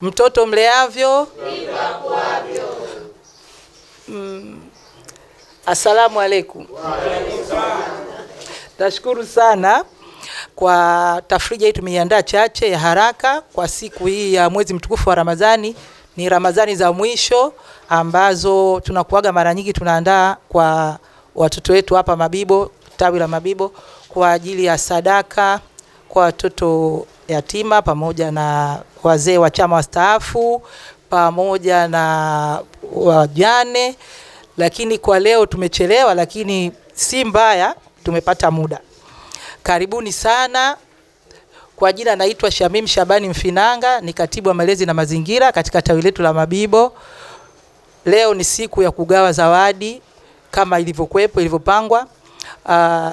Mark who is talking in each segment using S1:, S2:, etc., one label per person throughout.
S1: mtoto mleavyo mm. Asalamu alaikum. Nashukuru sana kwa tafrija hii, tumeiandaa chache ya haraka kwa siku hii ya mwezi mtukufu wa Ramadhani. Ni Ramadhani za mwisho ambazo tunakuaga, mara nyingi tunaandaa kwa watoto wetu hapa Mabibo, tawi la Mabibo, kwa ajili ya sadaka kwa watoto yatima pamoja na wazee wa chama wastaafu pamoja na wajane, lakini kwa leo tumechelewa, lakini si mbaya, tumepata muda. Karibuni sana. Kwa jina naitwa Shamim Shabani Mfinanga, ni katibu wa malezi na mazingira katika tawi letu la Mabibo. Leo ni siku ya kugawa zawadi kama ilivyokuwepo ilivyopangwa. Uh,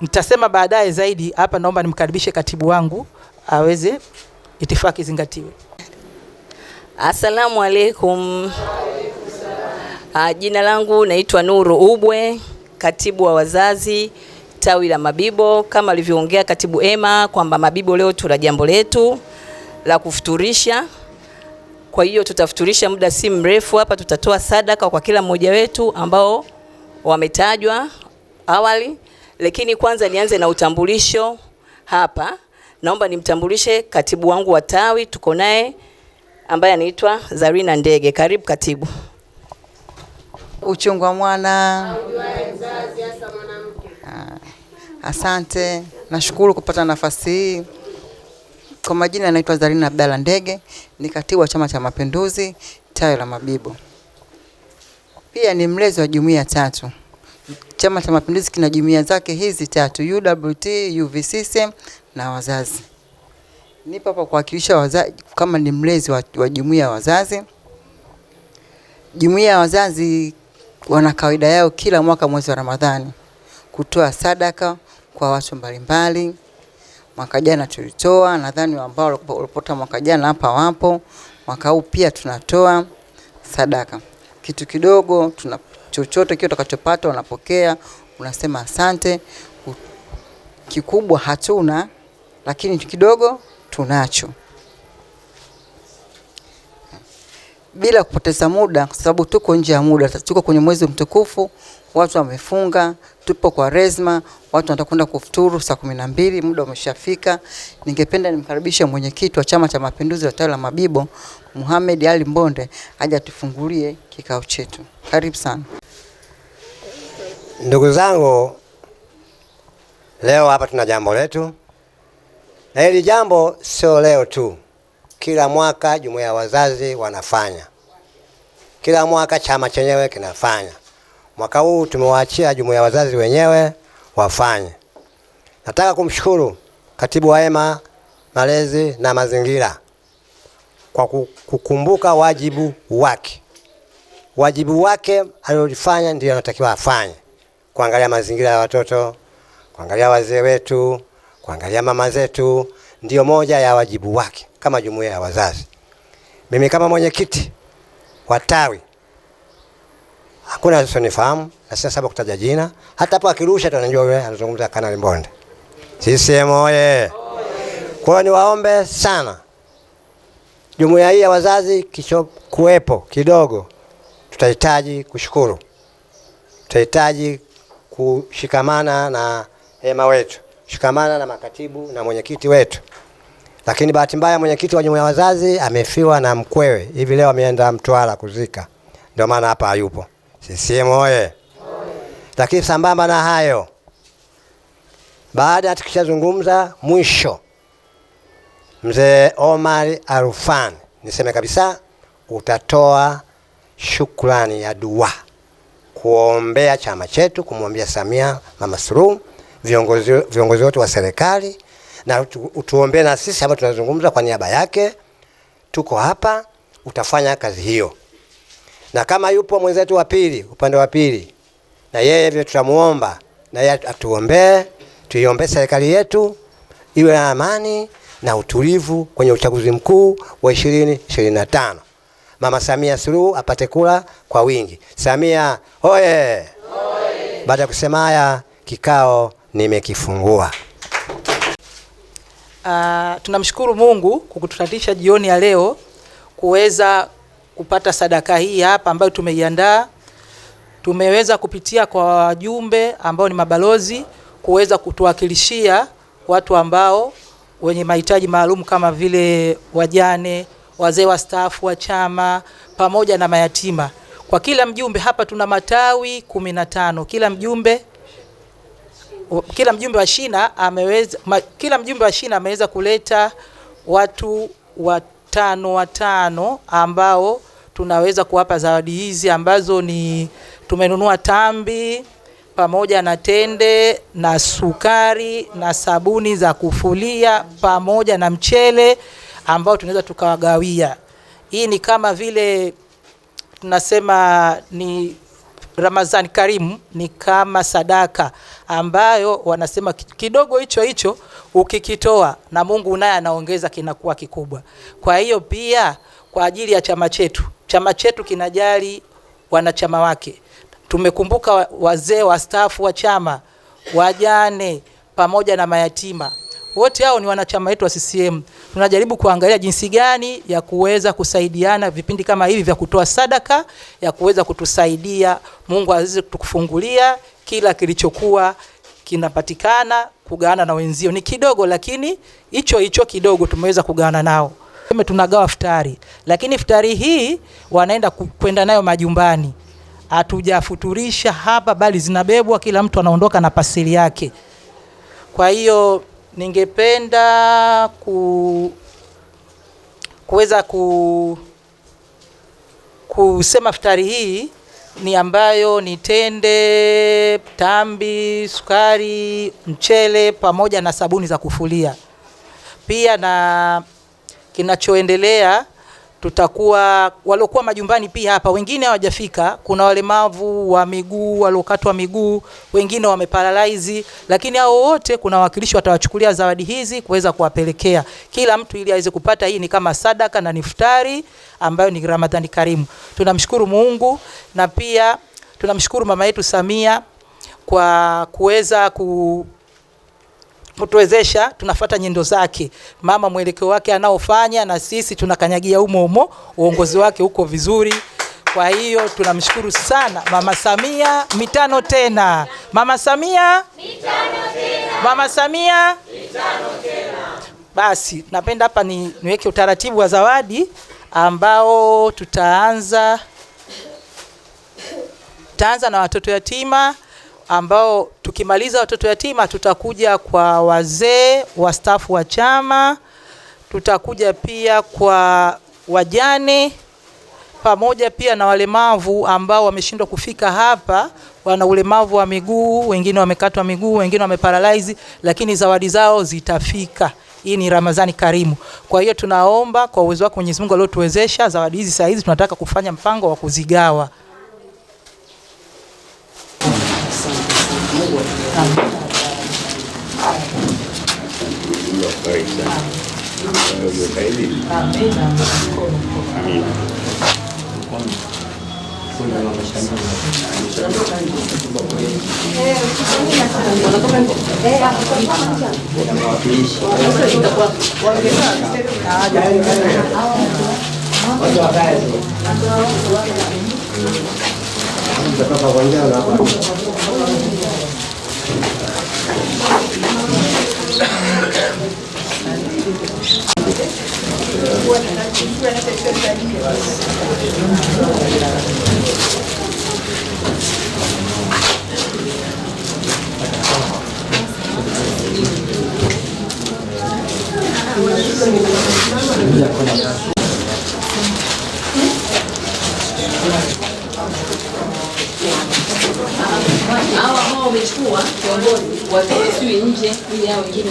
S1: nitasema baadaye zaidi. Hapa naomba nimkaribishe katibu wangu aweze itifaki zingatiwe. Asalamu alaikum. Ah, jina langu naitwa Nuru Ubwe, katibu wa wazazi tawi la Mabibo. Kama alivyoongea katibu ema kwamba Mabibo leo tuna jambo letu la kufuturisha. Kwa hiyo tutafuturisha muda si mrefu hapa, tutatoa sadaka kwa kila mmoja wetu ambao wametajwa awali, lakini kwanza nianze na utambulisho hapa. Naomba nimtambulishe katibu wangu wa tawi, tuko naye ambaye anaitwa Zarina Ndege. Karibu katibu. Uchungwa mwana asante. Nashukuru kupata nafasi hii. Kwa majina anaitwa Zarina Abdalla Ndege, ni katibu wa Chama cha Mapinduzi tawi la Mabibo, pia ni mlezi wa jumuiya tatu. Chama cha Mapinduzi kina jumuiya zake hizi tatu UWT, UVCCM na wazazi. Nipo hapa kuwakilisha wazazi kama ni mlezi wa, wa jumuiya ya wazazi. Jumuiya ya wazazi wana kawaida yao kila mwaka mwezi wa Ramadhani kutoa sadaka kwa watu mbalimbali. Mwaka jana tulitoa, nadhani ambao walipota mwaka jana hapa wapo. Mwaka huu pia tunatoa sadaka, kitu kidogo, tuna chochote kile utakachopata wanapokea unasema asante. Kikubwa hatuna lakini kidogo tunacho. Bila kupoteza muda, kwa sababu tuko nje ya muda, tuko kwenye mwezi mtukufu, watu wamefunga, tupo kwa rezma, watu watakwenda kufuturu saa kumi na mbili, muda umeshafika. Ningependa nimkaribishe mwenyekiti wa Chama cha Mapinduzi wa tawi la Mabibo, Mohamed Ali Mbonde, aje atufungulie kikao chetu. Karibu sana
S2: ndugu zangu, leo hapa tuna jambo letu na hili jambo sio leo tu, kila mwaka jumuiya ya wazazi wanafanya, kila mwaka chama chenyewe kinafanya. Mwaka huu tumewaachia jumuiya ya wazazi wenyewe wafanye. Nataka kumshukuru katibu wa EMA malezi na mazingira kwa kukumbuka wajibu wake. Wajibu wake aliyofanya ndio anatakiwa afanye, kuangalia mazingira ya watoto, kuangalia wazee wetu kuangalia mama zetu, ndio moja ya wajibu wake kama jumuiya ya wazazi. Mimi kama mwenyekiti wa tawi hakuna sonifahamu na sina sababu kutaja jina. Hata hapo akirusha tunajua wewe anazungumza Kanali Mbonde. CCM oye! Kwa hiyo niwaombe sana jumuiya hii ya wazazi kisho kuwepo kidogo, tutahitaji kushukuru, tutahitaji kushikamana na hema wetu, shikamana na makatibu na mwenyekiti wetu, lakini bahati mbaya mwenyekiti wa jumuiya wazazi amefiwa na mkwewe, hivi leo ameenda Mtwara kuzika, ndio maana hapa hayupo. CCM oye! Lakini sambamba na hayo, baada ya tukishazungumza mwisho, mzee Omar Arufan, niseme kabisa, utatoa shukrani ya dua kuombea chama chetu, kumwombea Samia mama Suluhu viongozi, viongozi wote wa serikali na tu, na sisi ambao tunazungumza kwa niaba yake, tuko hapa, utafanya kazi hiyo. Na kama yupo mwenzetu wa pili, upande wa pili, na yeye vile tutamuomba na yeye atuombee, tuiombee serikali yetu iwe na amani na utulivu kwenye uchaguzi mkuu wa 2025. Mama Samia Suluhu apate kula kwa wingi. Samia oye!
S3: Oye!
S2: Baada ya kusema haya, kikao nimekifungua.
S1: Uh, tunamshukuru Mungu kukututanisha jioni ya leo kuweza kupata sadaka hii hapa ambayo tumeiandaa. Tumeweza kupitia kwa wajumbe ambao ni mabalozi kuweza kutuwakilishia watu ambao wenye mahitaji maalum kama vile wajane, wazee wastaafu wa chama pamoja na mayatima. Kwa kila mjumbe hapa tuna matawi kumi na tano, kila mjumbe kila mjumbe wa shina ameweza ma, kila mjumbe wa shina ameweza kuleta watu watano watano ambao tunaweza kuwapa zawadi hizi ambazo ni tumenunua tambi pamoja na tende na sukari na sabuni za kufulia pamoja na mchele ambao tunaweza tukawagawia. Hii ni kama vile tunasema ni Ramadhani Karimu ni kama sadaka ambayo wanasema kidogo hicho hicho ukikitoa na Mungu naye anaongeza, kinakuwa kikubwa. Kwa hiyo pia kwa ajili ya chama chetu, chama chetu kinajali wanachama wake. Tumekumbuka wazee wastaafu wa chama, wajane pamoja na mayatima, wote hao ni wanachama wetu wa CCM tunajaribu kuangalia jinsi gani ya kuweza kusaidiana vipindi kama hivi vya kutoa sadaka, ya kuweza kutusaidia Mungu aweze kutukufungulia kila kilichokuwa kinapatikana kugawana na wenzio. Ni kidogo, lakini hicho hicho kidogo tumeweza kugawana nao. Tunagawa futari, lakini futari hii wanaenda kwenda nayo majumbani, hatujafuturisha hapa, bali zinabebwa, kila mtu anaondoka na pasili yake. Kwa hiyo ningependa ku kuweza ku kusema futari hii ni ambayo ni tende, tambi, sukari, mchele pamoja na sabuni za kufulia. Pia na kinachoendelea tutakuwa waliokuwa majumbani pia hapa, wengine hawajafika. Kuna walemavu wa miguu waliokatwa miguu, wengine wameparalaizi, lakini hao wote kuna wawakilishi watawachukulia zawadi hizi kuweza kuwapelekea kila mtu ili aweze kupata. Hii ni kama sadaka na niftari ambayo ni Ramadhani Karimu. Tunamshukuru Mungu na pia tunamshukuru mama yetu Samia kwa kuweza ku tuwezesha tunafata nyendo zake, mama mwelekeo wake anaofanya, na sisi tunakanyagia umo umo, uongozi wake uko vizuri. Kwa hiyo tunamshukuru sana Mama Samia, mitano tena Mama Samia,
S3: mitano tena
S1: Mama Samia,
S3: mitano tena.
S1: Basi napenda hapa ni, niweke utaratibu wa zawadi ambao tutaanza tutaanza na watoto yatima ambao tukimaliza watoto yatima tutakuja kwa wazee wastaafu wa chama, tutakuja pia kwa wajane pamoja pia na walemavu ambao wameshindwa kufika hapa, wana ulemavu wa miguu, wengine wamekatwa miguu, wengine wameparalyze, lakini zawadi zao zitafika. Hii ni Ramadhani Karimu. Kwa hiyo tunaomba kwa uwezo wako Mwenyezi Mungu aliotuwezesha zawadi hizi, saa hizi tunataka kufanya mpango wa kuzigawa. Kita kawannya berapa? Gracias. hao ambao wamechukua viongozi wasiwe nje, ili hao wengine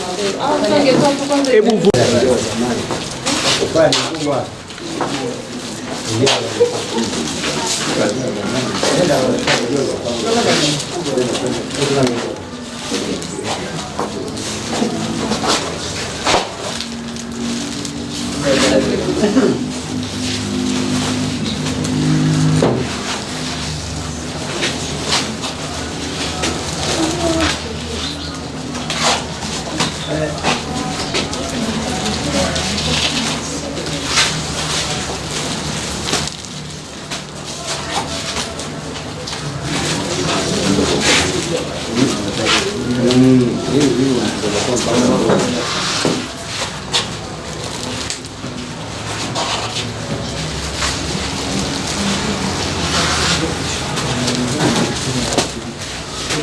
S1: wawe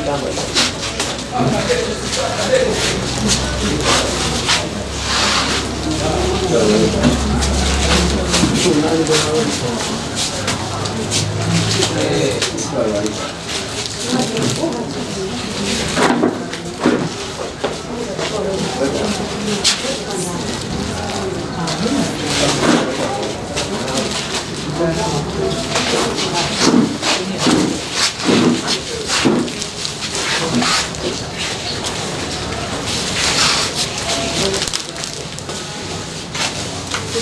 S1: dámọ̀ yìí.
S2: Thank you.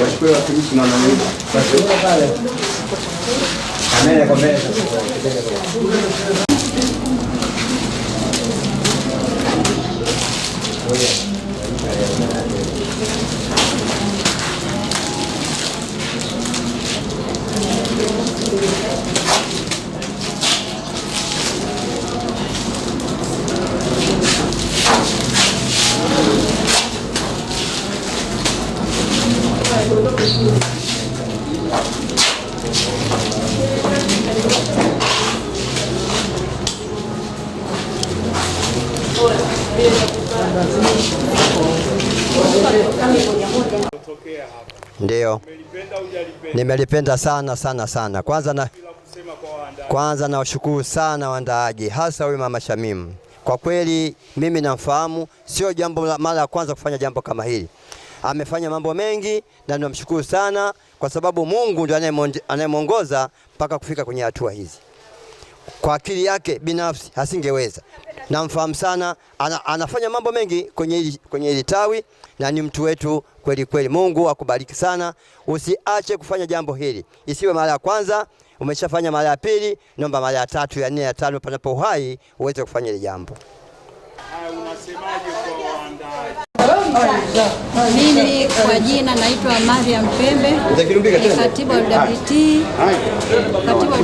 S2: Washukuru watumishi na wananchi. nalipenda sana sana sana. Kwanza na kwanza nawashukuru sana waandaaji, hasa huyu mama Shamimu. Kwa kweli mimi namfahamu, sio jambo mara ya kwanza kufanya jambo kama hili. Amefanya mambo mengi na ninamshukuru sana, kwa sababu Mungu ndiye anayemwongoza mpaka kufika kwenye hatua hizi kwa akili yake binafsi asingeweza. Namfahamu sana ana, anafanya mambo mengi kwenye hili kwenye tawi na ni mtu wetu kweli kweli. Mungu akubariki sana, usiache kufanya jambo hili, isiwe mara ya kwanza umeshafanya mara ya pili, naomba mara ya tatu, ya nne, ya tano, panapo uhai uweze kufanya hili jambo.
S4: kwa Mimi kwa jina naitwa Mariam Pembe, ni katibu wa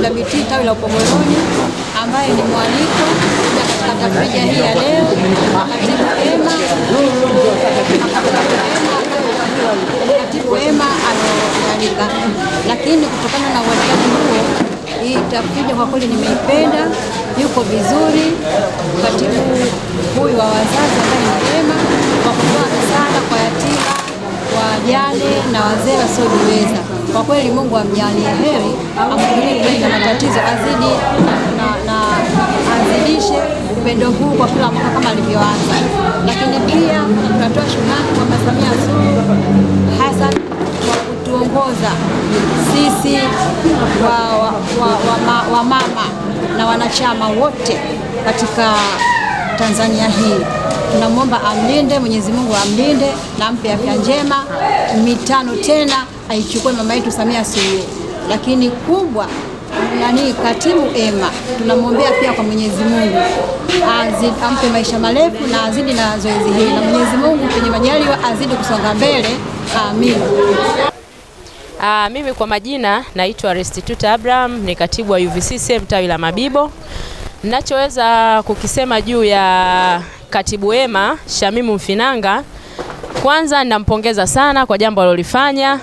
S4: BT tawi la Upogoroni, ambaye ni mwaliko katika tafrija hii ya leo katibu Emma katibu Emma amealika, lakini kutokana na ualikaji huo, hii tafrija kwa kweli nimeipenda, yuko vizuri katibu huyu wa wazazi ambaye ni Emma kwa kutoa sana kwa yatima, wajane na wazee wasiojiweza. Kwa kweli Mungu amjalie heri, amwongelee kibali na matatizo, azidi na, na azidishe upendo huu kwa kila mwaka kama alivyoanza. Lakini pia tunatoa shukrani kwa Mama Samia Suluhu Hassan kwa kutuongoza sisi wa, wa, wa, wa, ma, wa mama na wanachama wote katika Tanzania hii. Tunamwomba amlinde Mwenyezi Mungu, amlinde na ampe afya njema mitano tena aichukue mama yetu Samia Suluhu, lakini kubwa nani katibu Emma, tunamwombea pia kwa Mwenyezi Mungu ampe maisha marefu na azidi na zoezi hili, na Mwenyezi Mungu kwenye majaliwa azidi kusonga mbele, amin.
S5: Aa, ah, mimi kwa majina naitwa Restituta Abraham, ni katibu wa UVCCM tawi la Mabibo. Ninachoweza kukisema juu ya katibu Emma Shamimu Mfinanga, kwanza ninampongeza sana kwa jambo alilofanya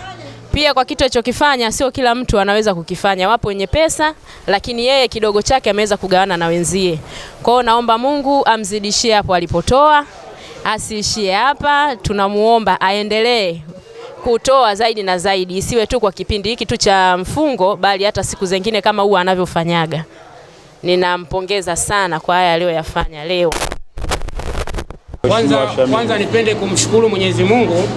S5: pia kwa kitu alichokifanya sio kila mtu anaweza kukifanya. Wapo wenye pesa, lakini yeye kidogo chake ameweza kugawana na wenzie. Kwa hiyo naomba Mungu amzidishie hapo alipotoa, asiishie hapa. Tunamuomba aendelee kutoa zaidi na zaidi, isiwe tu kwa kipindi hiki tu cha mfungo, bali hata siku zingine kama huwa anavyofanyaga. Ninampongeza sana kwa haya aliyoyafanya leo.
S6: Kwanza, kwanza nipende kumshukuru Mwenyezi Mungu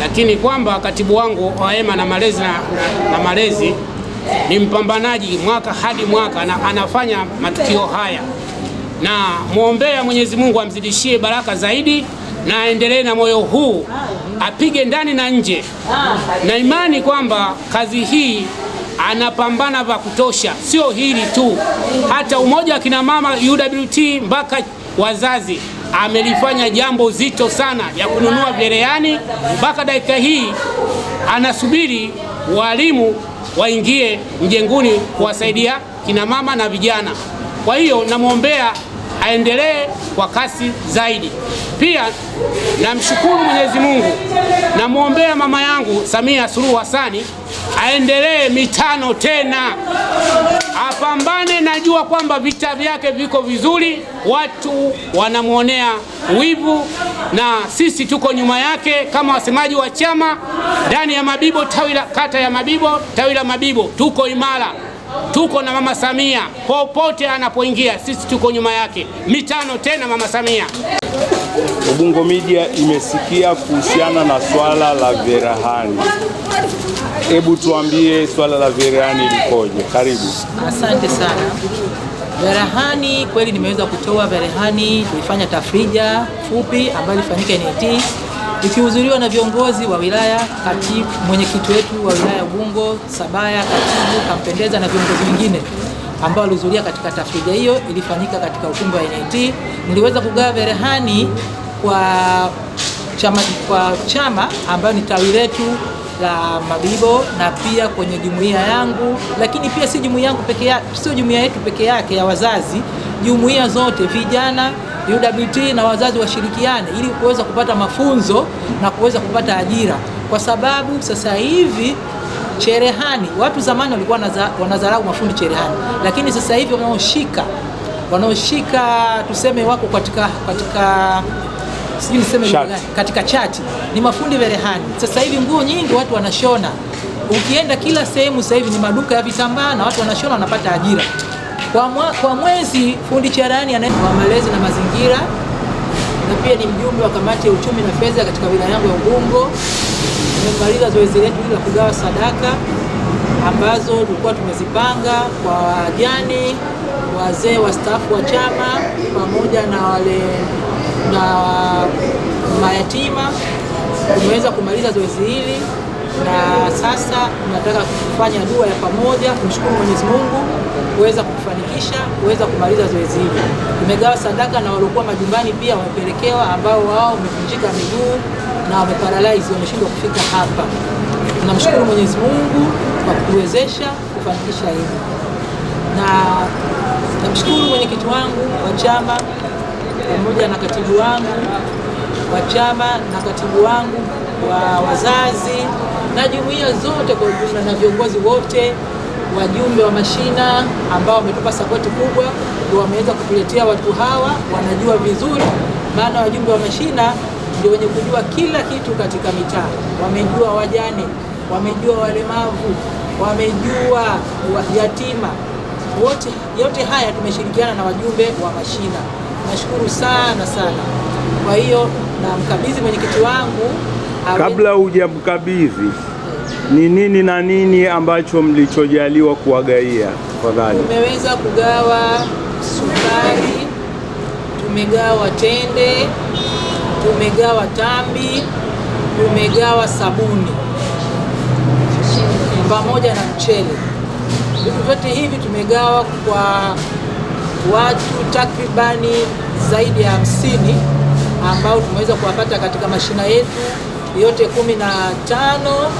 S6: lakini kwamba katibu wangu waema na malezi, na, na, na malezi ni mpambanaji mwaka hadi mwaka na anafanya matukio haya, na mwombea Mwenyezi Mungu amzidishie baraka zaidi na aendelee na moyo huu, apige ndani na nje, na imani kwamba kazi hii anapambana vya kutosha. Sio hili tu, hata umoja wa kinamama UWT mpaka wazazi amelifanya jambo zito sana ya kununua cherehani, mpaka dakika hii anasubiri walimu waingie mjenguni kuwasaidia kinamama na vijana. Kwa hiyo namwombea aendelee kwa kasi zaidi. Pia namshukuru Mwenyezi Mungu, namwombea mama yangu Samia Suluhu Hassani aendelee mitano tena, apambane. Najua kwamba vita vyake viko vizuri, watu wanamwonea wivu, na sisi tuko nyuma yake kama wasemaji wa chama ndani ya Mabibo tawi la kata ya Mabibo tawi la Mabibo, tuko imara tuko na Mama Samia popote anapoingia, sisi tuko nyuma yake. Mitano tena Mama Samia.
S7: Ubungo Media imesikia kuhusiana na swala la Verahani. Hebu tuambie swala la Verahani likoje? Karibu.
S1: Asante sana. Verahani kweli nimeweza kutoa Verahani, tulifanya tafrija fupi ambayo ilifanyika NIT ikihudhuriwa na viongozi wa wilaya, katibu, mwenyekiti wetu wa wilaya ya Ubungo, Sabaya, katibu Kampendeza na viongozi wengine ambao walihudhuria katika tafrija hiyo ilifanyika katika ukumbi wa NIT. Niliweza kugawa rehani kwa chama, kwa chama ambayo ni tawi letu la Mabibo na pia kwenye jumuiya yangu, lakini pia si jumuiya yangu peke yake, sio jumuiya yetu peke yake ya wazazi, jumuiya zote vijana UWT na wazazi washirikiane ili kuweza kupata mafunzo na kuweza kupata ajira, kwa sababu sasa hivi cherehani, watu zamani walikuwa wanadharau mafundi cherehani, lakini sasa hivi wanaoshika wanaoshika tuseme wako katika katika sijui niseme katika chati ni mafundi cherehani. Sasa hivi nguo nyingi watu wanashona, ukienda kila sehemu sasa hivi ni maduka ya vitambaa na watu wanashona, wanapata ajira. Kwa, mwa, kwa mwezi fundi Charani anayewa malezi na mazingira na pia ni mjumbe wa kamati ya uchumi na fedha katika wilaya yangu ya Ubungo. Tumemaliza zoezi letu la kugawa sadaka ambazo tulikuwa tumezipanga kwa wajani, wazee wastaafu wa chama pamoja na wale na mayatima. Tumeweza kumaliza zoezi hili na sasa tunataka kufanya dua ya pamoja kumshukuru Mwenyezi Mungu kuweza kufanikisha kuweza kumaliza zoezi hili. Tumegawa sadaka na waliokuwa majumbani pia wamepelekewa, ambao wao wamevunjika miguu na wameparalyze, wameshindwa kufika hapa. Tunamshukuru Mwenyezi Mungu kwa kutuwezesha kufanikisha hili, na namshukuru mwenyekiti wangu wa chama pamoja na katibu wangu wa chama na katibu wangu wa wazazi na jumuiya zote kwa ujumla na viongozi wote wajumbe wa mashina ambao wametupa sapoti kubwa, ndio wameweza kutuletea watu hawa, wanajua vizuri, maana wajumbe wa mashina ndio wenye kujua kila kitu katika mitaa. Wamejua wajane, wamejua walemavu, wamejua yatima wote. Yote haya tumeshirikiana na wajumbe wa mashina, nashukuru sana sana. Kwa hiyo na mkabidhi mwenyekiti wangu
S7: kabla hujamkabidhi ni nini na nini ambacho mlichojaliwa kuwagaia? Tafadhali.
S1: Tumeweza kugawa sukari, tumegawa tende, tumegawa tambi, tumegawa sabuni pamoja na mchele. Vitu vyote hivi tumegawa kwa watu takribani zaidi ya hamsini ambao tumeweza kuwapata katika mashina yetu yote kumi na tano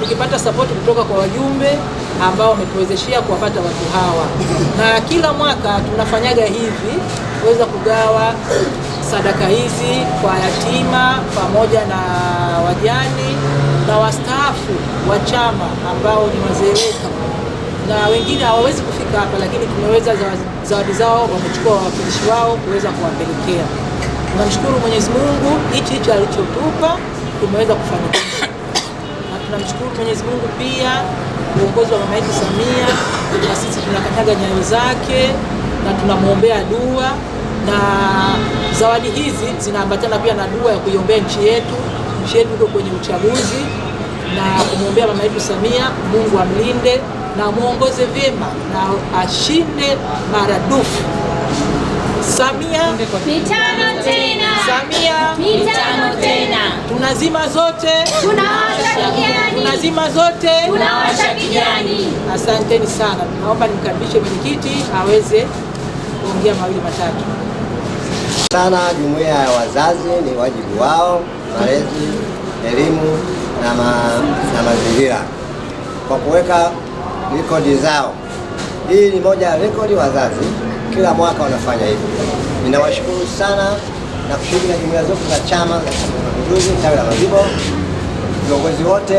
S1: tukipata sapoti kutoka kwa wajumbe ambao wametuwezeshea kuwapata watu hawa, na kila mwaka tunafanyaga hivi kuweza kugawa sadaka hizi kwa yatima pamoja na wajani na wastaafu wa chama ambao ni wazeeka na wengine hawawezi kufika hapa, lakini tumeweza zawadi zao, wamechukua wawakilishi wao kuweza kuwapelekea. Tunamshukuru Mwenyezi Mungu, hichi hichi alichotupa tumeweza kufanikiwa tunamshukuru Mwenyezi Mungu pia uongozi wa mama yetu Samia, na sisi tunakataga nyayo zake na tunamwombea dua, na zawadi hizi zinaambatana pia na dua ya kuiombea nchi yetu. Nchi yetu iko kwenye uchaguzi na kumwombea mama yetu Samia, Mungu amlinde na amwongoze vyema na ashinde maradufu. Samia
S3: mitano tena,
S1: Samia
S3: mitano tena,
S1: tunazima zote,
S3: tunawasha kijani,
S1: tunazima zote,
S3: tunawasha kijani.
S1: Asanteni sana, naomba nimkaribishe mwenyekiti aweze kuongea mawili matatu
S2: sana. Jumuiya ya wazazi ni wajibu wao malezi, elimu na, ma, na mazingira kwa kuweka rekodi zao. Hii ni moja ya rekodi wazazi kila mwaka wanafanya hivyo. Ninawashukuru sana na kushiriki na jumuiya zote za Chama cha Mapinduzi tawi la Mazibo, viongozi wote,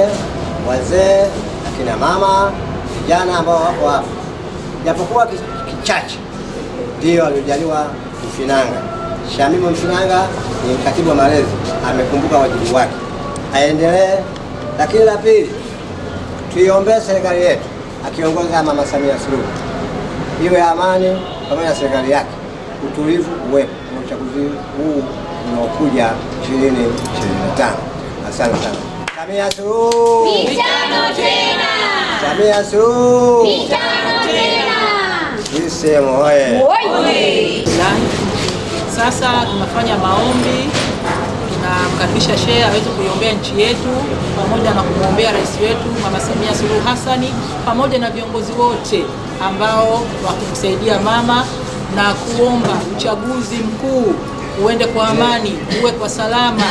S2: wazee, akina mama, vijana ambao wako hapa, japokuwa kichache ndio aliojaliwa Mfinanga. Shamimo Mfinanga ni katibu wa malezi, amekumbuka wajibu wake, aendelee. Lakini la pili, tuiombee serikali yetu akiongoza Mama Samia Suluhu iwe amani pamoja na serikali yake utulivu uwepo na uchaguzi huu unaokuja 2025. Asante sana. Samia Suluhu
S3: mitano tena,
S2: Samia Suluhu
S3: mitano tena,
S2: sisemu hoye.
S1: Sasa tunafanya maombi kumkaribisha shehe aweze kuiombea nchi yetu pamoja na kumwombea rais wetu Mama Samia Suluhu Hassani pamoja na viongozi wote ambao wakimsaidia mama na kuomba uchaguzi mkuu uende kwa amani, uwe kwa salama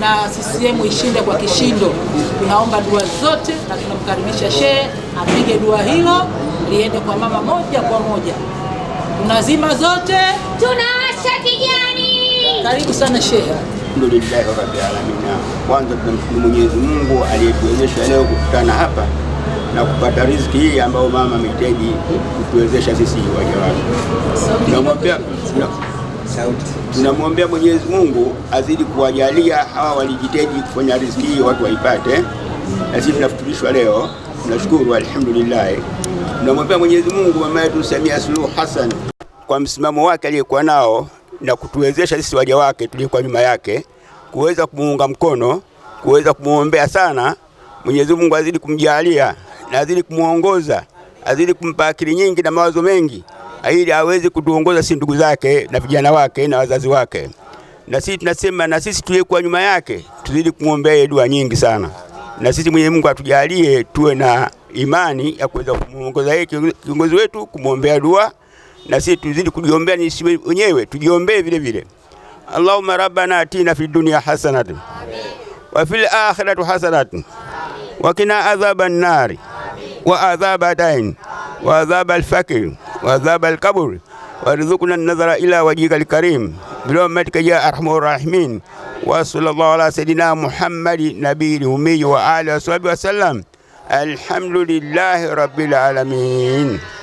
S1: na CCM ishinde kwa kishindo. Tunaomba dua zote na tunamkaribisha shehe apige dua hilo liende kwa mama moja kwa moja. Tunazima zote,
S3: tunawasha kijani.
S1: Karibu sana shehe
S8: Alhamdulillahi rabbil alamin. Kwanza tunamshukuru Mwenyezi Mungu aliyetuwezesha leo kukutana hapa na kupata riziki hii ambayo mama amehitaji kutuwezesha sisi waja wake. Tunamwombea Mwenyezi Mungu azidi kuwajalia hawa walijitaji kufanya riziki hii watu waipate, na sisi tunafuturishwa leo, tunashukuru alhamdulillah. Tunamwombea Mwenyezi Mungu mama yetu Samia Suluhu Hassan kwa msimamo wake aliyekuwa nao na kutuwezesha sisi waja wake tuliokuwa nyuma yake kuweza kumuunga mkono, kuweza kumwombea sana. Mwenyezi Mungu azidi kumjalia na azidi kumuongoza, azidi kumpa akili nyingi na mawazo mengi, ili aweze kutuongoza sisi ndugu zake na vijana wake na wazazi wake. Na sisi tunasema, na sisi tuliokuwa nyuma yake tuzidi kumwombea dua nyingi sana, na sisi Mwenyezi Mungu atujalie tuwe na imani ya kuweza kumuongoza yeye kiongozi wetu, kumwombea dua na sisi tuzidi kujiombea, ni sisi wenyewe tujiombee vile vile. Allahumma rabbana atina fid dunya hasanatan wa fil akhirati hasanatan wa qina adhaban nari wa adhaba dain wa adhaba alfakir wa adhaba alqabr warzuqna an-nazara ila wajhika alkarim birahmatika ya arhamar rahimin wa sallallahu ala sayidina Muhammad nabiyil ummi wa alihi wa sahbihi wasallam alhamdulillahi rabbil alamin.